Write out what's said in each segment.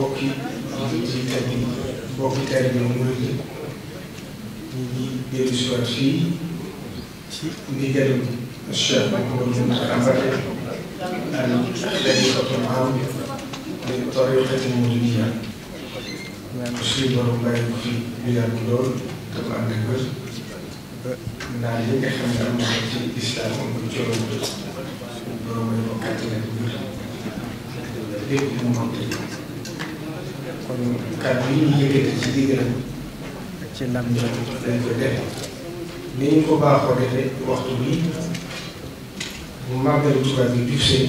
mbokki ci tedd yi mbokki tedd yi mu ngi ñu ngi dellu si waat fii ci ndigal Cheikh Mouhamadou Mountakha Mbacké ak xalifatul aam li tariiqatil muridiyya suñu borom bàyyi ko fi ñu yàgg lool te mu ànd ak wér naan yi nga xam ne am na ci islam am na coono suñu borom may ko kàttan ak wér lépp mu mën kon kàddu yi ñu yëkkati ci digganam ak ci lam dañ ko def ni ñu ko baaxoo defee waxtu bi mu màggal Touba bi jub seen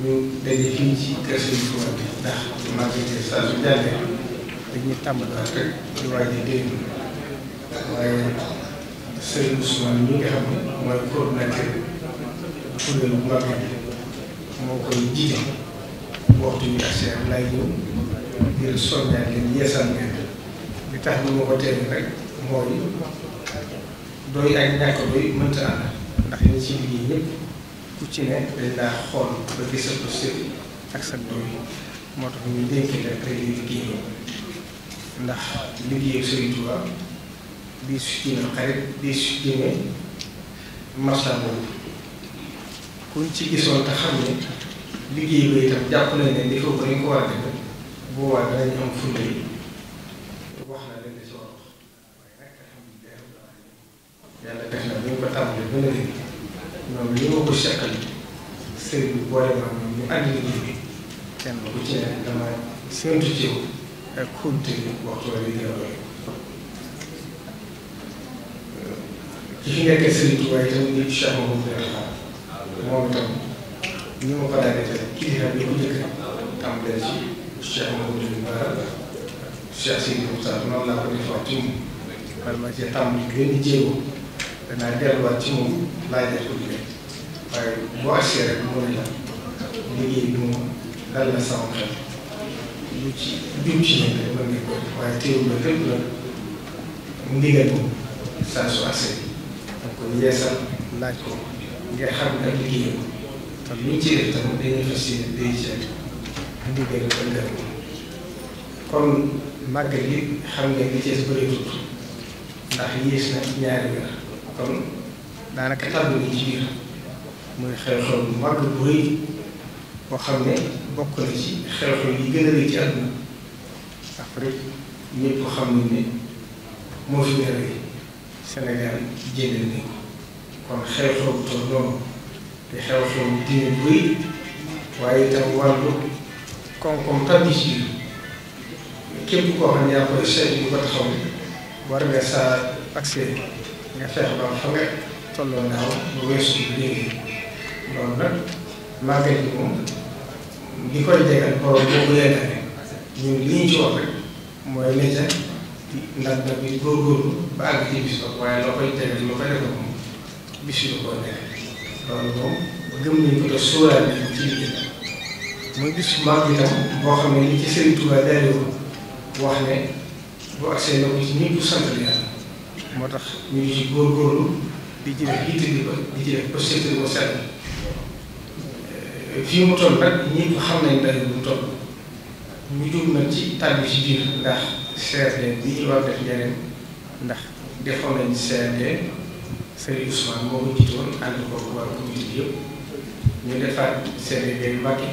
ñu daje fii ci kër Serigne Touba bi ndax màggal saa su jàllee dañuy tàmbali di waaj a dégg waaye Serigne Ousmane ñi nga xam ne mooy coordinateur kuréel bu màggal moo koy jiite waxtu bi ak seen laay ñëw ngir soññaat leen yeesal leen li tax ñu ma ko teel rek mooy doy ak ñàkk doy mënta ànd ndax ñi ci liggéey ñëpp ku ci ne dañ laa xool ba gisal ko sëb ak sa doy moo tax ñu dénk leen rek di liggéey ndax liggéey Sëriñ Tuubaa di su jéem xarit di su jéem marchandise kuñ ci gisoon te xam ne liggéey ba itam jàpp nañ ne defoo ko ni ko war a def bu boobaa danañ am fulla yi wax na leen di soor waaye nag alhamdulilah yàlla def na bu ñu ko tàmbalee ba léegi ñoom li ma ko seqal sëriñ bi boole ma ñu ànd liggéey bi kenn ku ci ne dama séntu ci yow ak xunte bi waxtu wala liggéey ba ci fi nekkee sëriñ bi waaye itam ni Cheikh Mahamadou moom ñu ma ko daanee kilifa bi ko njëkk tàmbalee ci Cheikh Mouhamadou Bara Cheikh Sidi Moussa noonu laa ko def wax ci moom man ma cee tàmm benn jéego danaa delluwaat ci moom laaj la ko liggéey waaye boo agsee rek moo ne la liggéey bi moom dal na sama xel lu ci jub ci nekk mën nga ko waaye teewul la lépp la ndigal moom saa su agsee donc yeesal laaj ko nga xam ak liggéey te luñ ci def tamit dañuy fas yéene day ci ak ndigal ak ndel kon màggal yi xam nga li ci ndax yées na ci ñaari weer kon daanaka tàbbi nañ ci biir muy xew-xew bu mag bu boo xam ne bokk na ci xew-xew yi gën a rëy ci àdduna après ñëpp xam nañ ne moo fi gën a rëy Sénégal jéem ko kon xew-xew bu toll noonu. di xew xew diine bu waaye itam wàllu koom-koom public yi képp koo xam ne yaa koy seet bu ko taxaw war nga saa accès nga feex ba fa nga tolloo naaw bu weesu léegi loolu nag màggal gi moom li koy li ñu ci wax rek mooy ne ca ndax nag bi góorgóorlu ba àgg ci bis ba waaye loo koy jegal loo koy defal moom bis yu ko nekk loolu moom gëm nañu ko te sóoraale ko ci liggéey muy bis bu mag bi tam boo xam ne li ci Serigne Touba daaneewoon wax bu agsee na ko ci ñëpp sant yàlla moo tax ñu ngi ci góorgóorlu di ci def yitte di ko di ci def euh, mu toll nag ñëpp xam nañ daje bu mu toll ñu jóg nag ci tàbbi ci biir ndax CRD bi ñu war def njëriñ ndax defoon nañ CRD. Serigne Ousmane moo ko jiite woon ko waa communauté bi yëpp ñu defaat CRD bi Mbàkke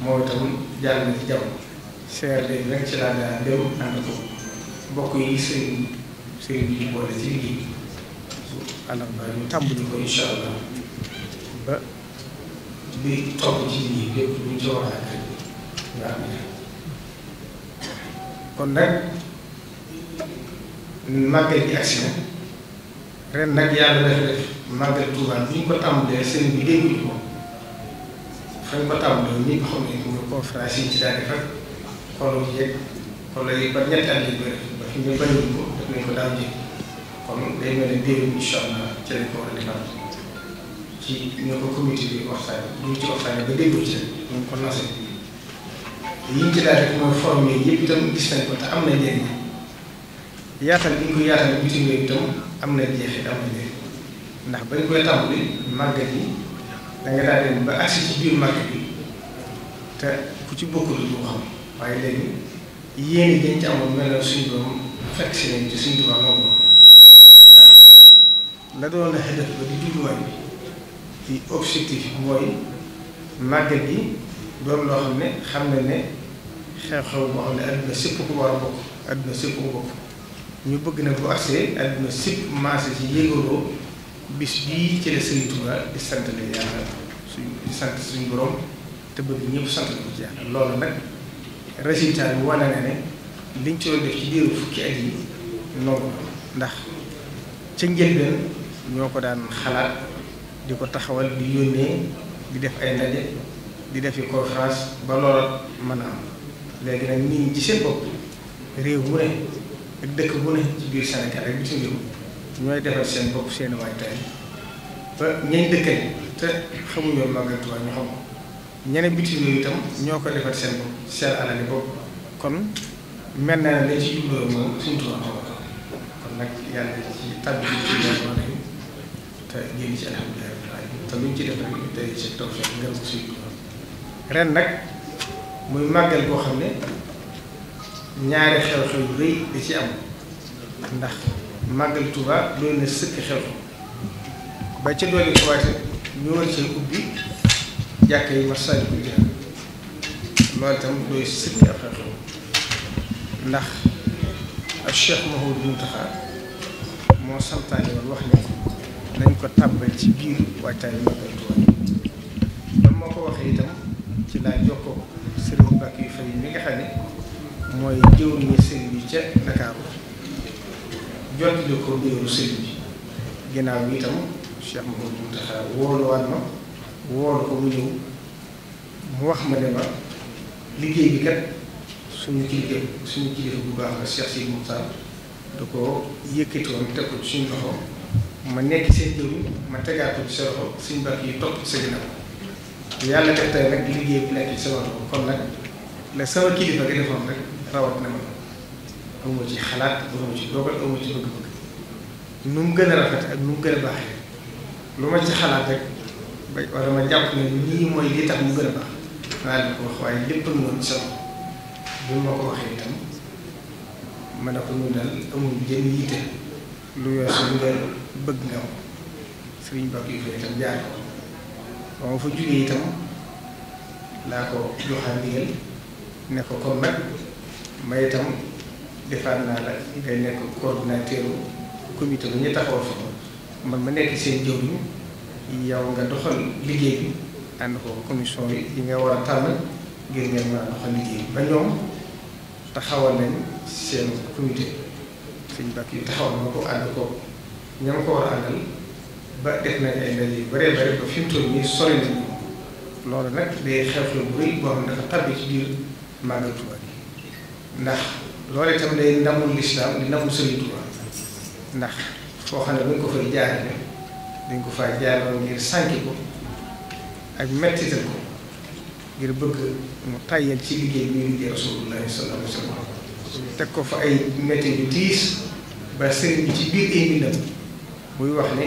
moo itam jàll na ci jaww CRD bi rek ci laa daa léew ànd ko bokk yi sëriñ sëriñ bi ñu boole ci liggéey alam ba ñu tàmbali ko incha allah ba bi topp kon nag màggal gi agsi ren nag yàlla def def màggal Tuubaa ni ñu ko tàmbalee sëriñ bi dégguñu ko fañ ko tàmbalee ni nga xam ne mooy conférence yi ci daal di fekk xooloo yeeg xooloo yi ba ñetti at yu bëri ba fi ñu bëriwul ko def nañ ko daaw ji kon day mel ne déwén incha allah ci lañ ko war a defal ci ñoo ko comité bi waxtaanee ñu ci waxtaanee ba déglu ci ñu ko nasee yi ñu ci daal rek mooy formé yëpp itam gis nañ ko te am na njëriñ. yaatal bi ñu ko yaatal bitim réew itam am na jeexi am na ndax ba ñu koy tàmbali màggat yi da daal dem ba agsi ci biir màggat bi te ku ci bokkul du ko xam waaye léegi yéen dañ ci amoon mel na suñu doom fekk si nañ ci suñu tubaab noonu ndax la doon na xëy ba di jubluwaay bi ci objectif mooy màggat yi doon loo xam ne xam na ne xew-xew boo xam ne adduna sëpp ko war bokk adduna sëpp ko bokk. ñu bëgg na bu agsee àdduna sipp maase ci yëgaloo bis bii ci la Sëriñ di sant la yàlla suñ sant suñ borom te bëgg ñëpp sant la ko ci yàlla loolu ci doon yi noonu ndax ca njëlbeen ñoo ko daan xalaat di ko taxawal di yónnee di def ay ndaje di def i conférence ba loola mën a nag nit ñi ci seen bopp réew mu ne ak dëkk bu ne ci biir Sénégal ak bitim réew ñooy defal seen bopp seeni waajtaay ba ñañ dëkkal te xamuñoo Màggal Tuubaa ñu xam ñeneen bitim réew itam ñoo ko defal seen bopp seen alali bopp kon mel na ne lañ ci jubloo moom suñu Tuubaa xam kon nag yàlla ci tàbbi ci ñoom te génn ci alhamdulilah te luñ ci def rek tey ci toog fekk ngërëm suñu Tuubaa ren nag muy màggal boo xam ne ñaari xew-xew yu rëy da ci am ndax màggal Tuuba doon na sëkk xew-xew ba ca doole Tuuba te ñu war cee ubbi jàkk yi Masaalikul Jinaan loolu itam dooy sëkk ab xew-xew ndax ak Cheikh Mouhamadou Mountakha moo santaane woon wax ne nañ ko tàbbal ci biir waajtaayu màggal Tuuba ba moo ko waxee itam ci laa jokkoo sëriñ Mbàkke yu fay mi nga xam ne mooy jëwriñu sëriñ bi ca Dakar jottali ko biiru sëriñ bi ginnaaw bi itam Cheikh Mouhamadou Mountakha wóoluwaat ma wóolu ko mu ñëw mu wax ma ne ma liggéey bi kat suñu kilifa suñu kilifa bu baax la Cheikh Sidi Moukhtar da ko yëkkatiwoon teg ko suñu loxo ma nekk seen jëwriñ ma tegaat ko ci sa loxo suñu bàq yi topp sa ginnaaw yàlla def tey nag liggéey bu nekk ci sama kon nag la sama kilifa gi defoon rek rawat na man awma xalaat awma ci dogal awma bëgg-bëgg nu mu gën a rafet ak nu mu gën a baaxee lu ma ci xalaat rek ba wala ma jàpp ne lii mooy li tax mu gën a baax naa leen ko wax waaye lépp lu woon sama bu ma ko waxee itam ma ne ko ñu daal amul jën yitte lu weesu lu nga bëgg nga ko ba ma fa jugee itam laa ko joxaa ndigal ne ko kon nag ma itam defaat naa la ngay nekk coordinateur comité bi ñu taxawal fa man ma nekk seen jëwriñ yow nga doxal liggéey bi ànd ko commission yi nga war a tànn ngir ngeen mën doxal liggéey ba ñoom taxawal nañ seen comité suñ bàkk yi taxawal na ko ànd ko ñoo ko war a àndal ba def nañ ay ndaje yu bëree bëri ba fi nii sori loolu nag day xew xew bu rëy boo dafa tabbi biir màggal ndax loolu itam day ndamul lislaam di ndamul Sëriñ Tuuba ndax foo xam ne buñ ko fay jaarale dañ ko fa jaarale ngir sànki ko ak mettital ko ngir bëgg mu tàyyal ci liggéey bi ñuy liggéey rasulullahi sallallahu teg ko fa ay metti yu tiis ba sëriñ bi ci biir ay muy wax ne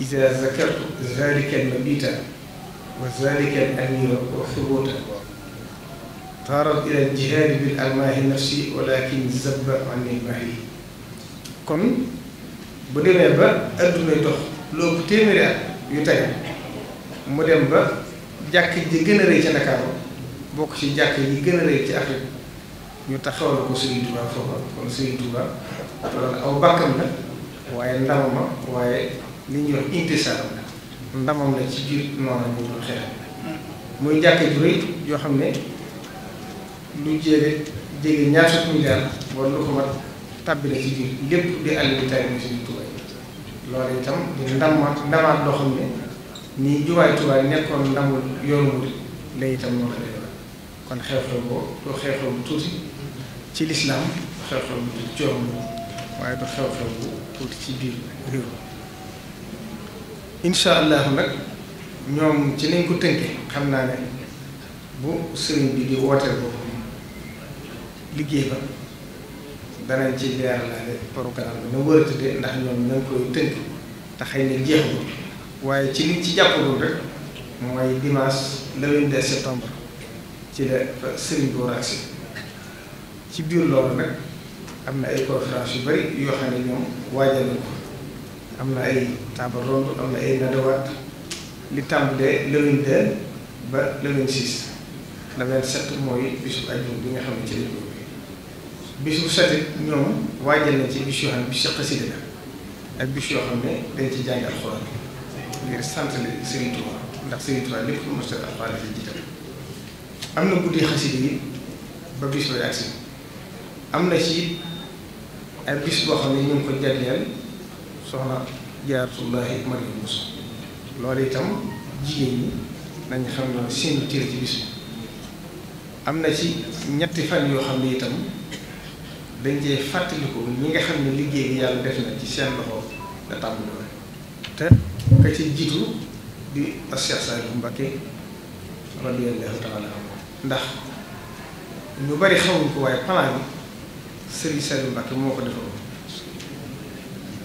ida zakartu zalika al mabita wa zalika al amira wa thubuta taaraw ila jihaadi bil almaahi nafsi walakin zabba anni maahi kon bu demee ba addunay dox loo bu téeméeri at yu tey mu dem ba jàkk ji gën rëy ca Ndakaaru bokk ci jàkk yi gën a rëy ci Afrique ñu taxawal ko Serigne Touba foofa kon Serigne Touba loolu aw bàkkam la waaye ndamam la waaye li ñuy wax ndamam la ci biir noonu ñu doon xeex muy jàkk ju rëy yoo xam ne lu jéere jege ñaar fukki milliards wala lu ko mat tàbbi na ci biir lépp di àll bi tari bi suñu Tuubaa loolu itam di ndamaat ndamaat loo xam ne nii jubaay Tuubaa nekkoon ndamul yoonu mu lay itam moo ko defee kon xew-xew boo tuuti ci lislaam xew-xew bu tuuti ci biir réew mi incha allah ñoom ci lañ ko tënke xam naa ne bu sëriñ bi di wooteel boobu liggéey ba danañ ci leeralaale programme bi na wër a tëddee ndax ñoom nañ koy tënk te xëy na jeexul waaye ci liñ ci jàppaloon rek mooy dimanche le 22 septembre ci la sëriñ bi war agsi ci biir loolu nag am na ay conférence yu bari yoo xam ne ñoom waajal na ko am na ay table ronde am na ay nadawaat li tàmbalee le 22 ba le 26 le 27 mooy bisu ajjuma bi nga xam ne ci lañ bis bu set it ñoom waajal nañ ci bis yoo xam ne bis yu xasida la ak bis yoo xam ne dañ ci jàng alxuraan ngir sant leen ndax Serigne Touba lu mos a alxuraan la am na guddi xasida yi ba bis ba agsi am na ci ay bis boo xam ne ñu ko jagleel soxna Jaaratullaahi Mariam Bousso loolu itam jigéen ñi nañ xam ne seen cër ci bis am na ci ñetti fan yoo xam ne itam. dañ cee fàttaliku ñi nga xam ne liggéey yàlla def na ci seen loxo la tàmbali woon te ka ci jiitu di Cheikh Saliou Mbacké radiyallahu taala ndax ñu bari xamuñ ko waaye plan bi Serigne Saliou Mbacké moo ko defaroon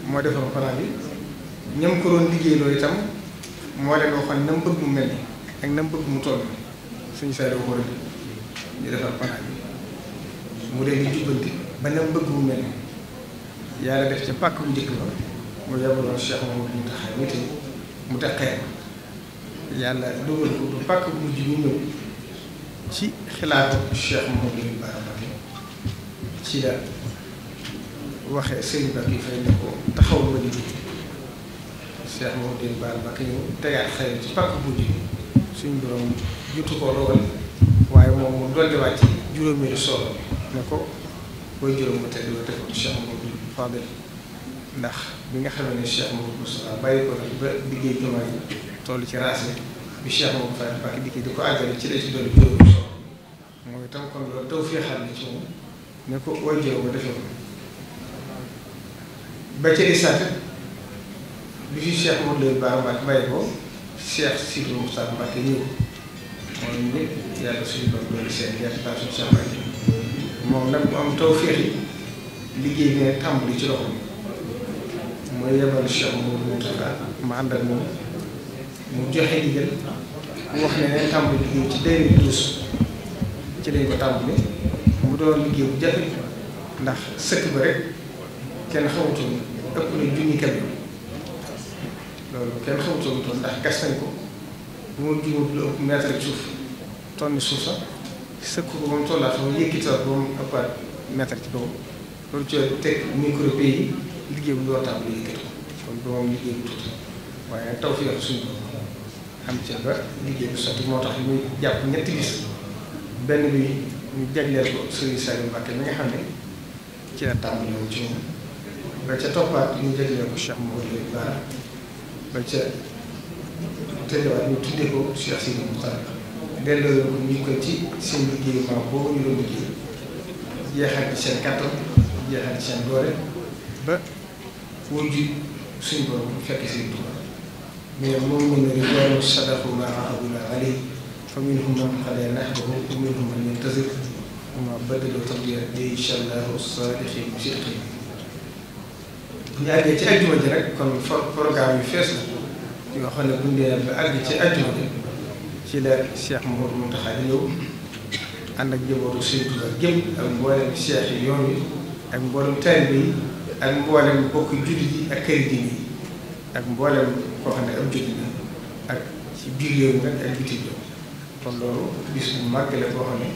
moo defaroon bi ñam ko doon liggéey loolu itam moo leen waxoon mu bëgg mu mel ak na mu bëgg mu toll Serigne Saliou waxoon ñu defar plan bi mu dee di ba bëgg mu mel yàlla def ca pàkk bu njëkk ba mu yabaloon Cheikh Mamadou ñu mu teqee yàlla dugal ko ba pàkk bu mujj bu ñëw ci xalaatu Cheikh Mamadou ci la waxee Serigne Bakk yi fay ne ko taxaw ma di Cheikh Mamadou suñ borom jotu koo dogal waaye moom mu dolliwaat ci juróomeelu solo ne ko. way juróom bu tedd ba teg ko ndax bi nga xamee ne Cheikh Mouhamadou Moustapha bàyyi ko nag ba liggéey jumaa yi ko àggale ci la ci dolli juróom so defee ko ba ca isaat bi fi ñëw moom ñëpp yàlla suñu bopp doon seen yàlla suñu Cheikh Mbacké moom nag mu am tawféexi liggéey bi nag tàmbali ci loxo bi mooy yebal Cheikh Mouhamadou mu joxe ndigal mu wax ne ne tàmbali liggéey ci 2012 ci lañ ko tàmbali mu doon liggéey bu jafe ndax sëkk ba rek kenn xamutoon ëpp na junni camion loolu kenn xamutoon ndax gas nañ ko bu ma juumut lu ëpp mètre suuf tonni suuf sax sëkk ko ba mu mu liggéey bu ñu moom liggéey bu tuuti waaye taw fi yàqu suñu am ci moo tax ñu jàpp ñetti bis benn bi ñu jagleel ko Serigne Saliou Mbacké mi ba ca toppaat ñu jagleel ko Cheikh Mouhamadou Bara ba ca tëjewaat ko delloo ñu ko ci seen liggéeyu maam boobu ñu doon liggéey jeexal ci seen kàttan jeexal ci fekk seen Tuuba mais moom ñu ne ma ahadullah alayhi fa minhum man man yantazir wa ma badalu tabdila insha allahu saalihin sidqin bu ñu àggee ci àjjuma ji rek kon programme yu fees la yoo xam ne bu ñu dee ba àgg ci àjjuma ci la Cheikh Mouhamadou Mountakha ñëw ànd ak njabootu Sëriñ Tuuba gépp ak mboolem cheikh yi yoon yi ak mboolem taalibe yi ak mboolem bokk jullit yi ak këri diine yi ak mboolem koo xam ne am jullit la ak ci biir réew mi nag ak bitim réew kon loolu bis bu màgg la boo xam ne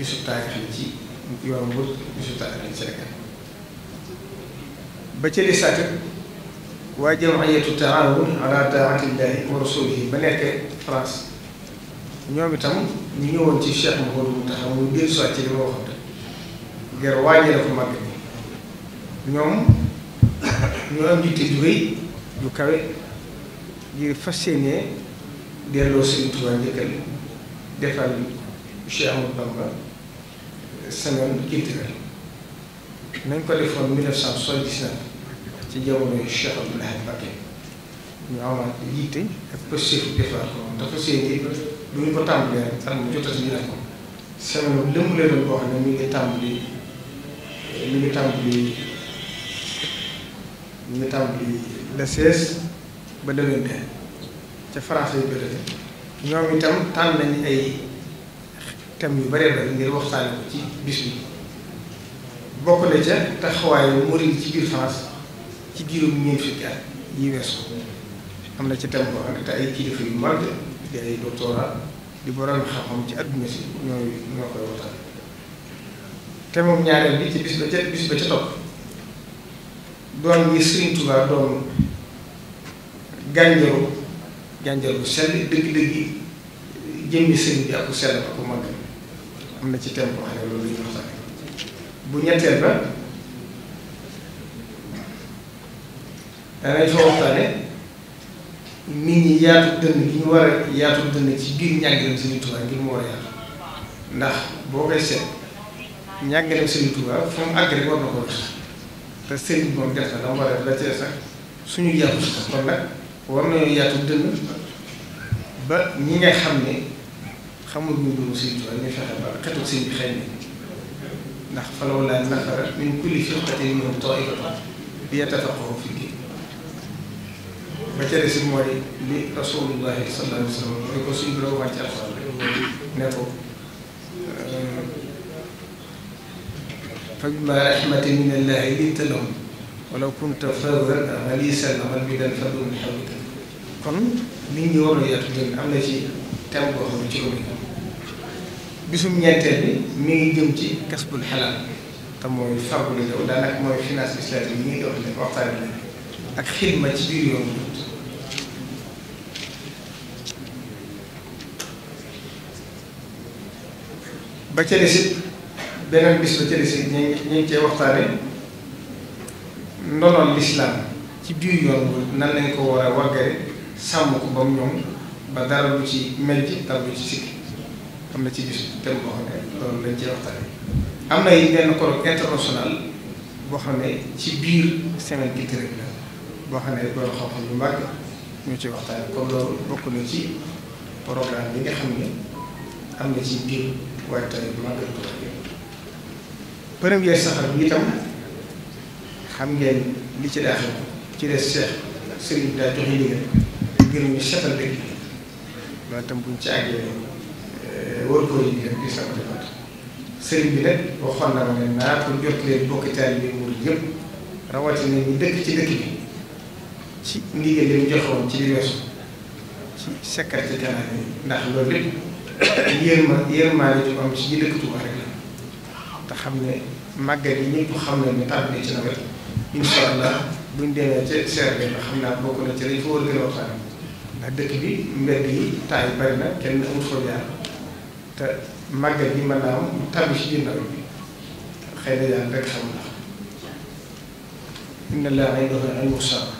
bisu taarix la ci yoon bu bisu taarix la ci Sénégal ba ca France ñoom itam ñu ñëwoon ci Cheikh Mouhamadou Mountakha muy dellu si ci li ma waxoon rek ngir waajal dafa màgg bi ñoom ñoo am yitte ju rëy ju kawe ngir fas yéenee delloo Sëriñ Tuubaa njëkkal defal Cheikh Ahmadou Bamba semaine culturelle nañ ko defoon 1979 ci jamono Cheikh Abdoul Ahad Mbacké ñu amaat yitte ak pëstéefu defar ko dafa seen bu ñu ko tàmbalee rek sax mu jotati ñu def ko semaine bi lëmb lee doon boo xam ne mi ngi tàmbali mi ngi tàmbali mi ngi tàmbali le 16 ba déwén ca français yu bëri ñoom itam tànn nañu ay tem yu bëree bëri ngir waxtaane ko ci bis bi bokk na ca taxawaay murid ci biir France ci diirum ñeent fukki at yi weesu am na ci thème boo xam ne te ay kilifa yu mag di ay doctorat di borom xam-xam ci adduna si ñooy ñoo koy waxtaan te moom ñaareel bi ci bis ba ca bis ba ca topp doon gi Serigne Touba doon gànjaru gànjaru bu sell dëgg-dëgg jëmmi Serigne bi ak sell ak mag am na ci thème boo xam ne loolu la ñuy bu ñetteel ba danañ fa waxtaane mi ngi yaatu dënn gi ñu war a yaatu dënn ci biir njàngaleem Sëriñ Tuubaa ngir mu war a yaatu ndax boo koy seet njàngaleem Sëriñ Tuubaa fu mu àgg rek war na ko wax suñu yaatu sax kon nag ba ñi nga xam ne xamul ñu doomu Sëriñ Tuubaa ñu fexe ba xetul sëriñ bi xëy na ndax falawlaa nafara min kulli firqatin minhum ta'ifatun liyattafaqqahu fi diin ba ca des it mooy li rasulullahi sallallahu alayhi wa sallam mooy ko suñu borom wàcc alxuraan ne ko فبما رحمة من الله لنت لهم ولو كنت فظا غليظ القلب لانفضوا من حولك kon nit ñi war a yaatu jëm am na ci thème boo xam ne ci loolu bisum ñeenteel bi mi ngi jëm ci kasbul xalaal te mooy fàggu la yow mooy finance islamique yi ñu ngi dox waxtaan ak xidma ci biir yoon ba ca desit bis ba ca desit ñu ngi ñu ngi waxtaane ndonol lislaam ci biir yoon bu nan lañ ko war a waggare sàmm ko ba mu ñoom ba dara lu ci mejj dara lu ci sikki am na ci bis thème boo xam ne loolu lañ cee waxtaane am na yi benn colloque international boo xam ne ci biir semaine culturelle la boo xam ne borom xam-xam yu mbàgg ñu ci waxtaan bokk na ci programme bi nga xam ne am na ci biir waaye tamit màggal ko xam ngeen ci daaxal ci des seex sëriñ bi buñ ci àggee di sama defaat bi nag waxoon na ma ne naa ko jot leen bokki taal bi muur yëpp rawatina ñu dëkk ci dëkk yi ci ndigal li mu joxoon ci li weesu ci secrétariat bi ndax loolu lépp yéen ma yéen maa ci am ci ñi dëkk Touba rek la te xam ne màggal yi ñëpp xam nañ ne tàbbi ci nawet incha allah buñ demee ca serre bi xam naa bokk na ci lañ fa war a gën a waxtaan ndax dëkk bi mbedd yi taay bari na kenn amul fa jaar te màggal yi mën naa am tàbbi ci biir nawet bi xëy na yàlla rek xam ndax. inna laa ay doxal ay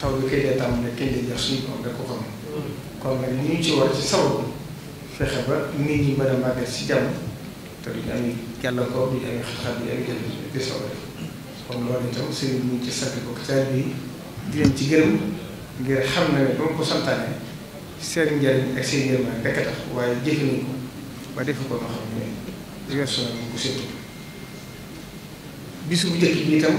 taw bi kañ lay tàmm ne kañ lay suñu borom rek ko xam kon nag ñu ci war ci sababu fexe ba nit ñi mën a màggal si jàmm te duñu jël di soobee kon loolu itam sëriñ bi ñu ci sant ko taal bi di leen ci gërëm ngir xam na ne ba mu ko santaane seen njëriñ ak seen njëriñ rek a tax waaye jëfe nañ ko ba defe ko nga xam ne weesu na mu ko séntu bisu bu njëkk bi itam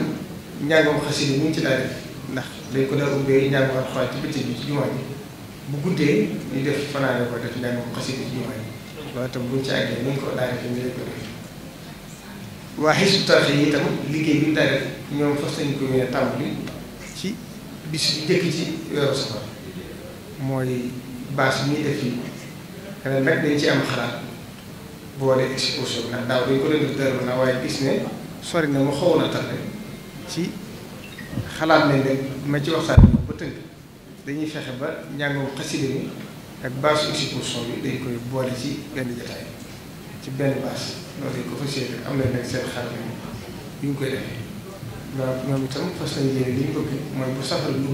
njàngam xasida mu ngi ci daal def ndax dañ ko doon ubbee njàngu alxuraan ci bëccëg bi ci jumaa ji bu guddee ñu def fanaane ko def njàngu xasida ci jumaa ji loolu itam buñ ci àggee ñu ko daal di ñu ko def waa Hizbut Tarqiyyah itam liggéey bi mu daal ñoom fas nañ ko mën a ci bis bi njëkk ci weeru safar mooy bâche bi ñuy def fii ren nag dañ ci am xalaat boole exposition bi ndax daaw dañ ko doon def dër waaye gis ne sori na mu xawoon a tardé ci. xalaat nañ rek ma ci waxtaan ba tënk dañuy fexe ba njàngoom xasida mi ak bâche exposition bi dañ koy boole ci benn jotaay ci benn bâche loolu dañ ko fas yéene am na nag seen xalaat yu koy defee waaw ñoom itam fas nañ ñu ko gën ko mën a jëriñoo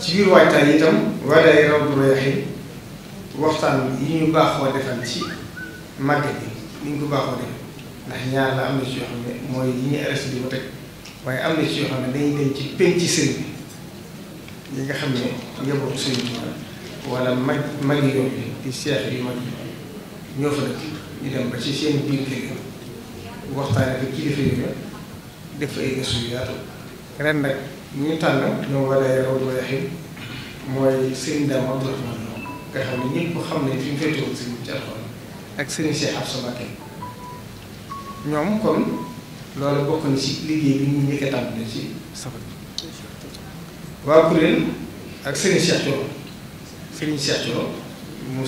ci biir yi itam waa day raw du royaxi waxtaan yi ñu baaxoo defal ci màgg bi ni ñu ko baaxoo defal ndax ñaar la am na ci yoo xam ne mooy yi ñuy arrêté di ko teg waaye am na ci yoo xam ne dañuy dem ci penc sëriñ bi ñi nga xam ne njabootu sëriñ bi wala mag mag yi ñu dem ba ci seen biir kër yi waxtaane ko kilifa yi nga def ay gëstu yu yaatu ren nag ñu tànn ñoom wala yow wala xim mooy sëriñ Dame Abdou Rahmane nga xam ne ñëpp xam nañ fi mu féetewoon sëriñ bi ci alxuraan ak sëriñ Cheikh Absa Mbacké ñoom kon loolu bokk na ci liggéey bi ñu njëkk a tàmbali ci safar bi waa kuréel ak Serigne Cheikh moo sëñ bi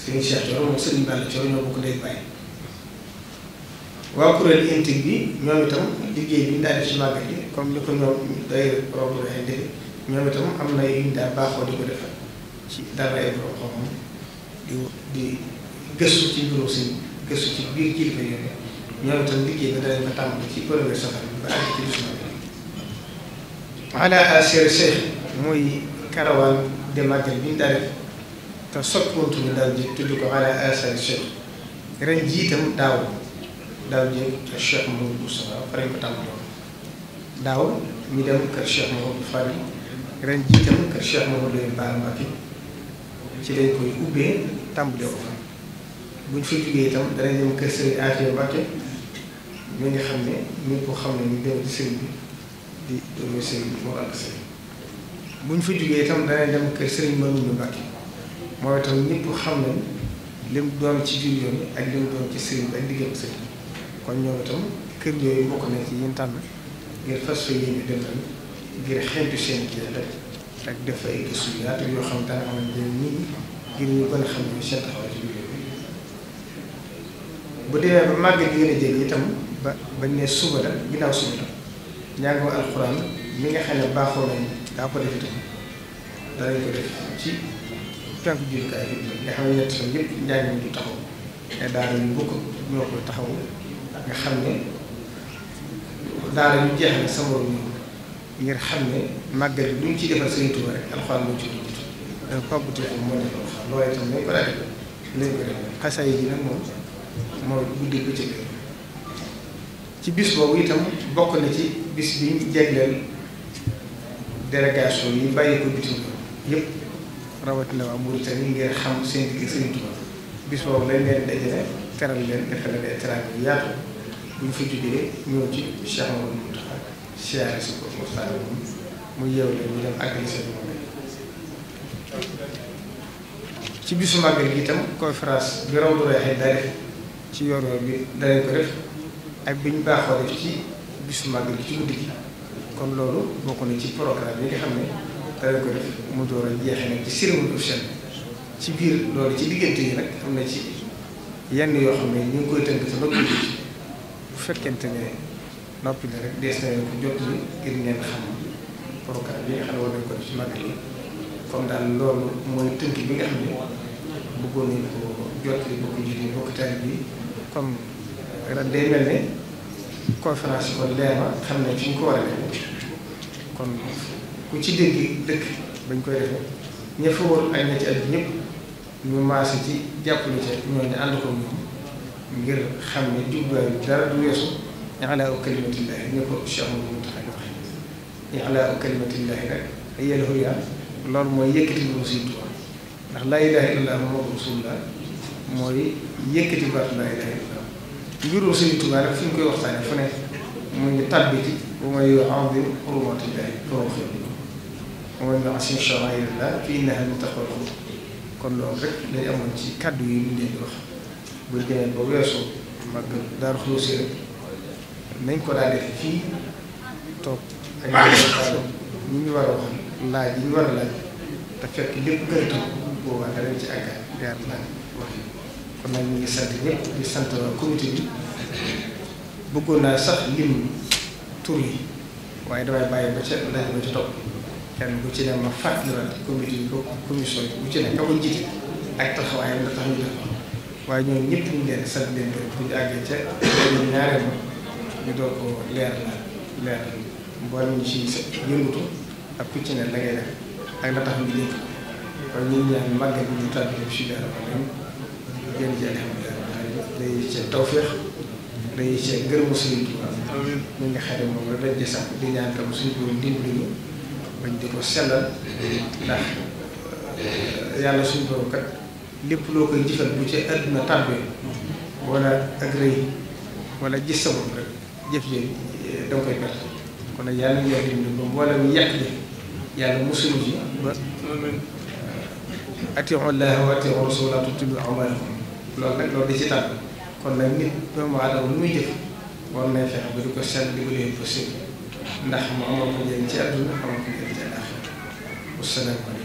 Serigne ñoo bokk ndey bàyyi waa kuréel intig bi ñoom itam liggéey bi ñu daal di ci màggal gi comme ni ko ñoom day rob ay def ñoom itam am na yu ñu daal baaxoo di ko defal ci daraay borom xam-xam di di gëstu ci mbirum sëñ ci biir kilifa yi ñoom itam liggéey bi danañ ko tàmbali ci premier safar bi ba àgg ci bis ala bi daaw ñu dem kër cheikh Mouhamadou Fari ren jii itam kër cheikh Mouhamadou Bara Mbacké ci lañ koy ubbee tàmbalee ko fa buñ fa jugee itam danañ dem kër sëriñ Afia Mbacke mi nga xam ne mi xam ne ñu dem ci sëriñ bi di doomu sëriñ bi moo ànd sëriñ buñ fa jugee itam danañ dem kër sëriñ Mamadou Mbacke mooy itam ñëpp xam nañ li mu doon ci biir yoon ak li mu ci sëriñ bi ak diggante sëriñ kon ñoom itam kër yooyu bokk na ci yéen tànn ngir fas fa yéene dem ngir xeetu seen kii rek. ak def ay gëstu yaatu yoo xam te ne xam nañ nii ngir ñu gën a xam ñu seen taxawaay bu dee ba màgg gën a jege itam ba bañ ne suba la ginnaaw suba la njàngoo alxuraan mi nga xam ne baaxoo nañ daa ko def nga xam ne ñett fan yëpp njàng du taxaw te daara yu bokk ñoo koy taxaw ne daara yu jeex sa ngir xam ne màggal bi duñ ci defal sëriñ Tuuba rek alxuraan moo ci dugg da nga ko abbuté ko moo nekk loolee itam nañ nañ ko def ko ci ci bis boobu itam bokk na ci bis biñ jagleel délégation yi bàyyi ko bitim yëpp rawatina waa Mauritanie ngir xam seen digg yu yaatu buñ fa jógee ñëw ci siyaare si ko Mustafa mu yeew leen ñu dem àggali seen moom ci bisu màggal gi itam conférence bi raw reexee day def ci yoon bi danañ ko def ak bi ñu baaxoo def ci bisu màggal gi ci guddi gi kon loolu bokk na ci programme yi nga xam ne danañ ko def mu door a jeexee nag ci cérémonie officielle ci biir loolu ci diggante yi nag am na ci yenn yoo xam ne ñu ngi koy tënk te ba guddi bu fekkente ne noppi bi rek dees nañu ko jot li ngir ngeen xam programme bi nga xam ne war nañu ko def ci magal yi comme daal loolu mooy tënk bi nga xam ne bëggoon nañu ko jot li bokk jiite bokk taal bi comme ren day mel ne conférence yi leer na xam ne fi ñu ko war a defee kon ku ci dégg dëkk bañ koy defee ña fa woon ay na ci at ñëpp ñu maase ci jàppale ca ñooñu ànd ko ñoom ngir xam ne jubluwaay bi dara du weesu. i'laa kalimatillahi ni ko Cheikh Mountakha waxee i'laa kalimatillahi rek hiya al-ulyaa loolu mooy yëkkati bu Sëriñ Tuubaa ndax laa ilaaha illallaah Muhammadu rasuulullaah mooy yëkkati baat laa ilaaha illallaah mbirum Sëriñ Tuubaa rek fi ñu koy waxtaanee fu ne mu ngi tàbbi ci wa man yu'azzim hurumaatillaahi fa huwa xayrun lahu wa man yu'azzim sha'aa'iral-laah fa innahaa min taqwal quluub kon loolu rek lañ amoon ci kàddu yi ñu leen di wax bu ñu demee ba weesu mag Daaru Xudoos rek nañ ko daa def fii toog ak ñi war laaj yi ñu war a laaj te fekk lépp gën a ngi sant ñëpp di sant sax lim tur yi waaye damay ba ma fàttaliwaat comité bi bu ci ne ka ko jiite ak taxawaayam la tax ñu def waaye ñoom ñëpp ñu ngi leen sant leen bu ñu àggee ca ñaareel ma ñu doon ko leer na leer mboolem ñu ci yëngutu ak ku ci ne ak la tax ñu yëngu kon ñu ñaan màggal bi ñu tàbbi dem si dara lépp loo koy jëfal jëf yooyu eh, da nga koy perte kon nag yàlla ngeen di dund ba mboolem yàq ji yàlla musul ji ba atiu llaah wa atiu rasuula laa tubtilu a'maalakum loolu nag loolu di ci tànn kon nag nit doomu aadama lu muy jëf war nañ fexe ba di ko sell di ko leen possible ndax mu amal ko njëriñ ci àdduna amal ko njëriñ ci àllaaxira wassalaamu